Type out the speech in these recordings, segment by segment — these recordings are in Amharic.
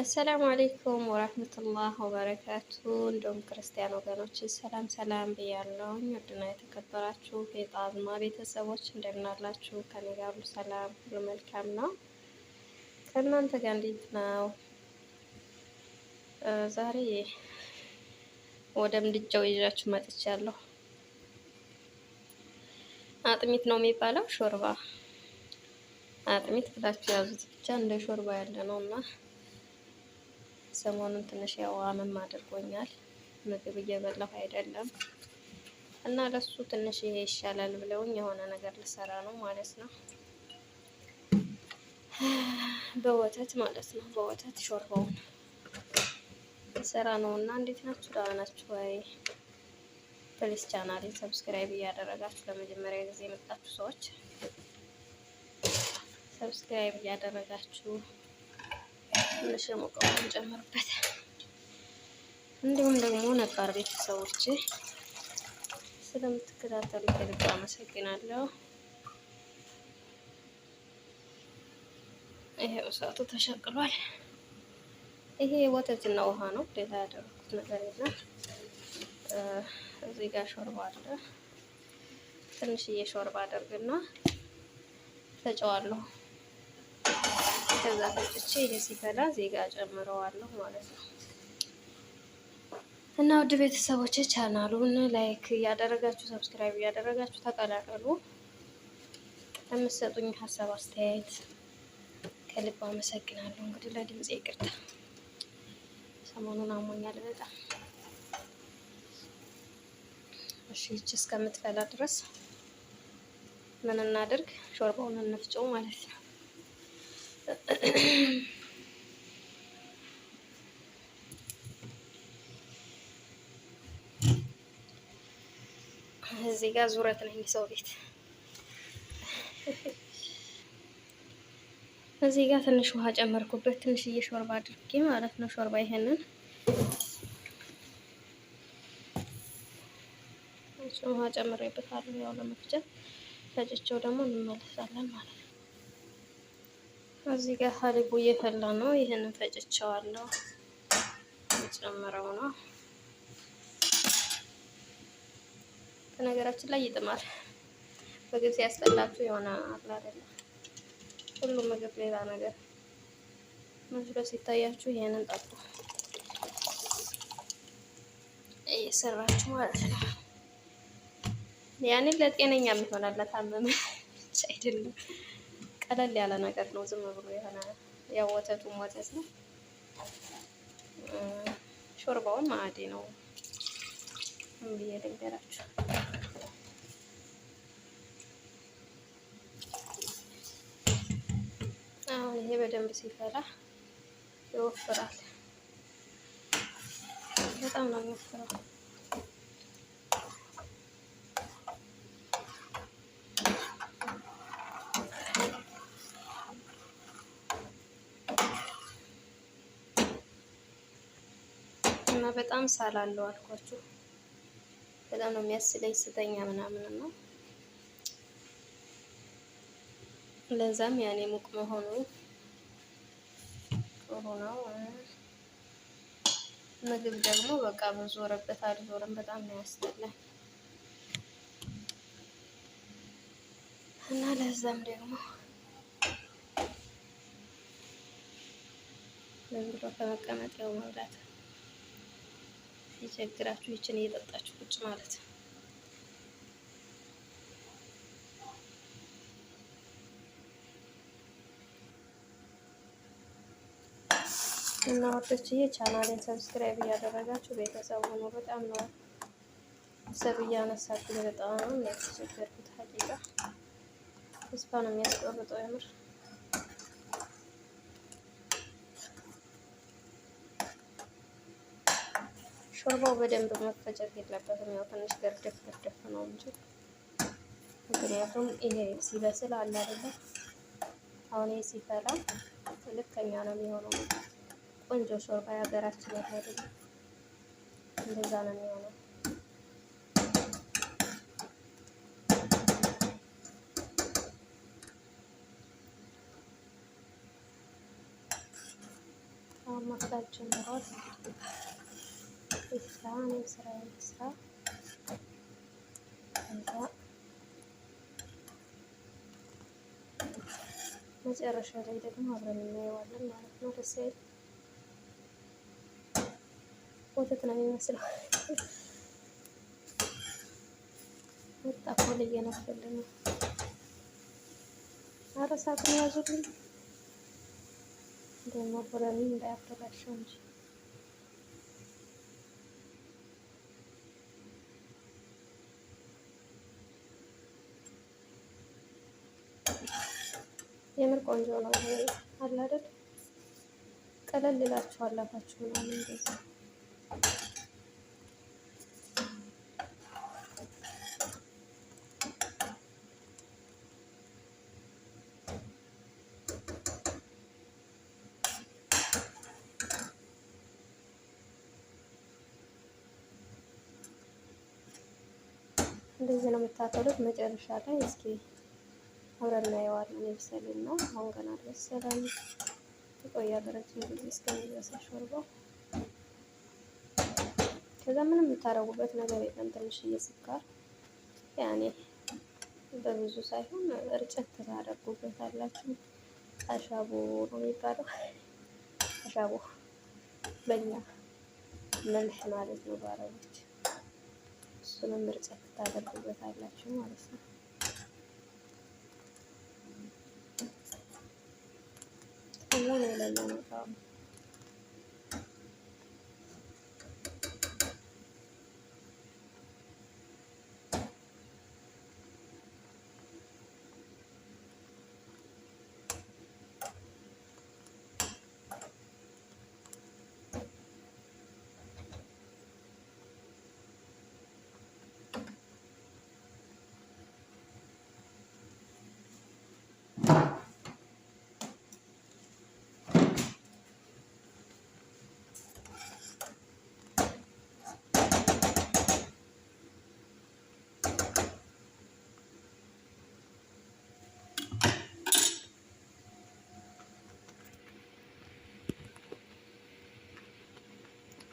አሰላሙ አሌይኩም ወረህመቱላህ ወበረካቱ። እንዲሁም ክርስቲያን ወገኖች ሰላም ሰላም ብያለሁኝ። ውድና የተከበራችሁ የጣዝማ ቤተሰቦች እንደምናላችሁ? ከኔ ጋር ሁሉ ሰላም፣ ሁሉ መልካም ነው። ከእናንተ ጋር እንዴት ነው? ዛሬ ወደ ምድጃው ይዣችሁ መጥቻለሁ። አጥሚት ነው የሚባለው ሾርባ አጥሚት ብላችሁ ያዙት። ብቻ እንደ ሾርባ ያለ ነው እና ሰሞኑን ትንሽ ያው አመም አድርጎኛል። ምግብ እየበላሁ አይደለም እና ለሱ ትንሽ ይሄ ይሻላል ብለውኝ የሆነ ነገር ልሰራ ነው ማለት ነው። በወተት ማለት ነው። በወተት ሾርባውን ልሰራ ነው እና እንዴት ናችሁ? ደህና ናችሁ ወይ? ፕሊስ ቻናሌን ሰብስክራይብ እያደረጋችሁ ለመጀመሪያ ጊዜ የመጣችሁ ሰዎች ሰብስክራይብ እያደረጋችሁ ትንሽ የሞቀ ውሃ እንጨምርበት። እንዲሁም ደግሞ ነባር ቤተሰቦች ስለምትከታተሉ ከልብ አመሰግናለሁ። ይሄ እሳቱ ተሸቅሏል። ይሄ ወተትና ውሃ ነው፣ ሌላ ያደረኩት ነገር የለም። እዚህ ጋር ሾርባ አለ። ትንሽዬ ሾርባ አደርግና ተጨዋለሁ። ከዛ ፈጭቼ ይሄ ሲፈላ ዜጋ ጨምረዋለሁ ማለት ነው። እና ውድ ቤተሰቦች ቻናሉን ላይክ እያደረጋችሁ ሰብስክራይብ እያደረጋችሁ ተቀላቀሉ። ለምትሰጡኝ ሀሳብ አስተያየት ከልብ አመሰግናለሁ። እንግዲህ ለድምጽ ይቅርታ፣ ሰሞኑን አሞኛል በጣም። እሺ ይቺ እስከምትፈላ ድረስ ምን እናድርግ? ሾርባውን እንፍጨው ማለት ነው። እዚህ ጋር ዙረት ነኝ ሰው ቤት። እዚህ ጋር ትንሽ ውሃ ጨመርኩበት፣ ትንሽዬ ሾርባ አድርጌ ማለት ነው። ሾርባ ይሄንን ውሃ ጨምሬበታለሁ ያው ለመፍጨት። ፈጭቼው ደግሞ እንመለሳለን ማለት ነው። እዚህ ጋር ሀሊቡ እየፈላ ነው። ይህንን ፈጭቸዋለሁ የጨምረው ነው። በነገራችን ላይ ይጥማል። ምግብ ሲያስፈላችሁ የሆነ አላ አይደለም ሁሉም ምግብ ሌላ ነገር መስሎ ሲታያችሁ ይህንን ጠጡ እየሰራችሁ ማለት ነው። ያንን ለጤነኛም ይሆናል ለታመመ አይደለም። ቀለል ያለ ነገር ነው። ዝም ብሎ የሆነ ያው ወተቱም ወተት ነው። ሾርባውን ማዕዴ ነው ብዬ ልንገራችሁ። አሁን ይሄ በደንብ ሲፈላ ይወፍራል። በጣም ነው የሚወፍረው። እና በጣም ሳላለው አልኳችሁ። በጣም ነው የሚያስለኝ ስተኛ ምናምን ነው። ለዛም ያኔ ሙቅ መሆኑ ጥሩ ነው። ምግብ ደግሞ በቃ በዞረበት አልዞረም በጣም ነው ያስጠላል። እና ለዛም ደግሞ ዝም ብሎ ከመቀመጥ ያው መብላት የቸግራችሁ ይችን እየጠጣችሁ ቁጭ ማለት ነው። እና ወጥቼ የቻናሌን ሰብስክራይብ እያደረጋችሁ ቤተሰብ ሆኖ በጣም ነው ሰብ እያነሳችሁ በጣም ያስቸገርኩት ሀቂቃ ተስፋ ነው የሚያስቆርጠው የምር ሾርባው በደንብ መፈጨት የለበትም። ያው ትንሽ ገርደፍ ገርደፍ ነው እንጂ ምክንያቱም ይሄ ሲበስል አለ አይደለ? አሁን ይሄ ሲፈላ ልከኛ ነው የሚሆነው። ቆንጆ ሾርባ የሀገራችን ያለ አይደለ? እንደዛ ነው የሚሆነው። ማስታችን ጀምሯል። ይስራ እኔም ስራ ልስራ። ከዛ መጨረሻ ላይ ደግሞ አብረን እናየዋለን ማለት ነው። ደስ አይል ወተት ነው የሚመስለው። ወጣ ኮል እየነፈልን ነው። አረ እሳቱን ያዙልኝ። ደግሞ ቡረኒ እንዳያበላሸው እንጂ የምር ቆንጆ ነው። ይሄ አለ አይደል ቀለል ይላችኋል አፋችሁ ምናምን እንደዚህ እንደዚህ ነው የምታተሉት መጨረሻ ላይ እስኪ አብረን እናየዋለን ይብሰልና አሁን ገና አልበሰለም። የቆየ ሀገራችን ጊዜ እስከሚበስል ሾርባው ከዛ ምንም የምታረጉበት ነገር የለም። ትንሽዬ ስኳር ያኔ በብዙ ሳይሆን እርጨት ታደርጉበት አላችሁ። አሻቦ ነው የሚባለው። አሻቦ በእኛ መልህ ማለት ነው ባረቦች እሱንም እርጨት ታደርጉበት አላችሁ ማለት ነው። 弄了弄了。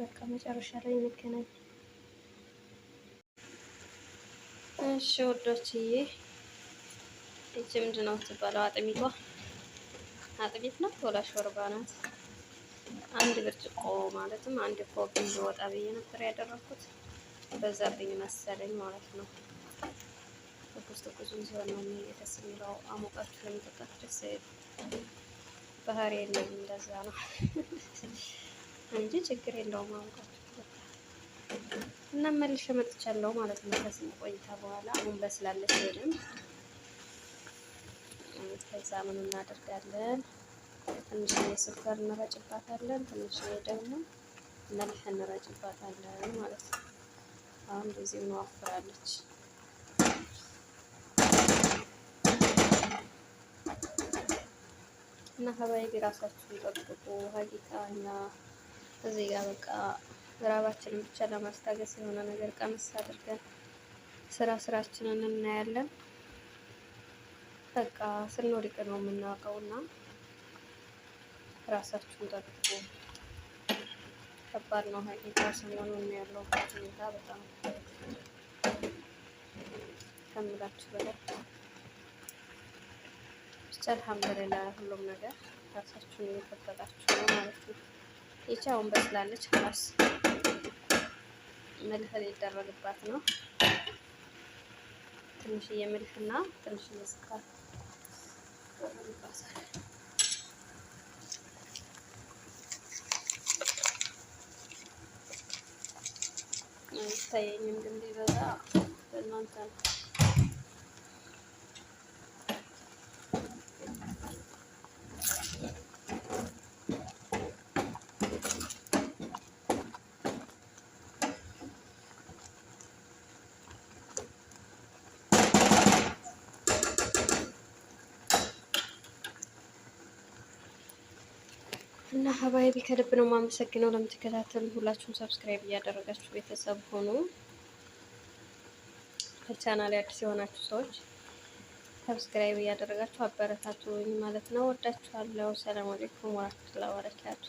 በቃ መጨረሻ ላይ እንገናኝ። እሺ ወዶችዬ፣ እቺ ምንድን ነው የምትባለው? አጥሚቷ አጥሚት ናት፣ ቶላ ሾርባ ናት። አንድ ብርጭቆ ማለትም አንድ ኮብ ወጣ ብዬ ነበር ያደረኩት፣ በዛብኝ መሰለኝ ማለት ነው። ትኩስ ትኩሱን ሲሆን ነው ደስ የሚለው። አሞቃችሁ ለመጠጣት ደስ ባህሪ የለኝ፣ እንደዛ ነው። እንጂ ችግር የለውም አውቃት እና መልሼ መጥቻለሁ ማለት ነው። ከስም ቆይታ በኋላ አሁን በስላለች ሄድም ከዛ ምን እናደርጋለን? ትንሽ የስኳር እንረጭባታለን፣ ትንሽ ደግሞ መልህ እንረጭባታለን ማለት ነው። አሁን እንደዚህ እንዋፍራለች። እና ሀባይ ቢራሳችሁን ጠብቁ ሀቂቃ እና እዚህ ጋር በቃ ራባችንን ብቻ ለማስታገስ የሆነ ነገር ቀመስ አድርገን ስራ ስራችንን እናያለን። በቃ ስንወድቅ ነው የምናውቀው። የምናውቀውና ራሳችሁን ጠብቁ። ከባድ ነው ሀቂቃ። ሰሞኑ ያለሁበት ሁኔታ በጣም ከምላችሁ በላይ ብቻ አልሐምዱሊላህ፣ ሁሉም ነገር ራሳችሁን እየጠበቃችሁ ነው ማለት ነው። ይቻውን በስላለች ክላስ መልህል ይደረግባት ነው። ትንሽዬ መልህና ትንሽዬ ስኳር ይታየኝም ግን ቢበዛ በእናንተ ነው። እና ሀባይቢ ከልብ ነው የማመሰግነው ለምትከታተሉ ሁላችሁም ሰብስክራይብ እያደረጋችሁ ቤተሰብ ሆኑ። ከቻናል አዲስ የሆናችሁ ሰዎች ሰብስክራይብ እያደረጋችሁ አበረታቱኝ ማለት ነው። ወዳችኋለሁ። ሰላም አለይኩም ወራህመቱላሂ ወበረካቱ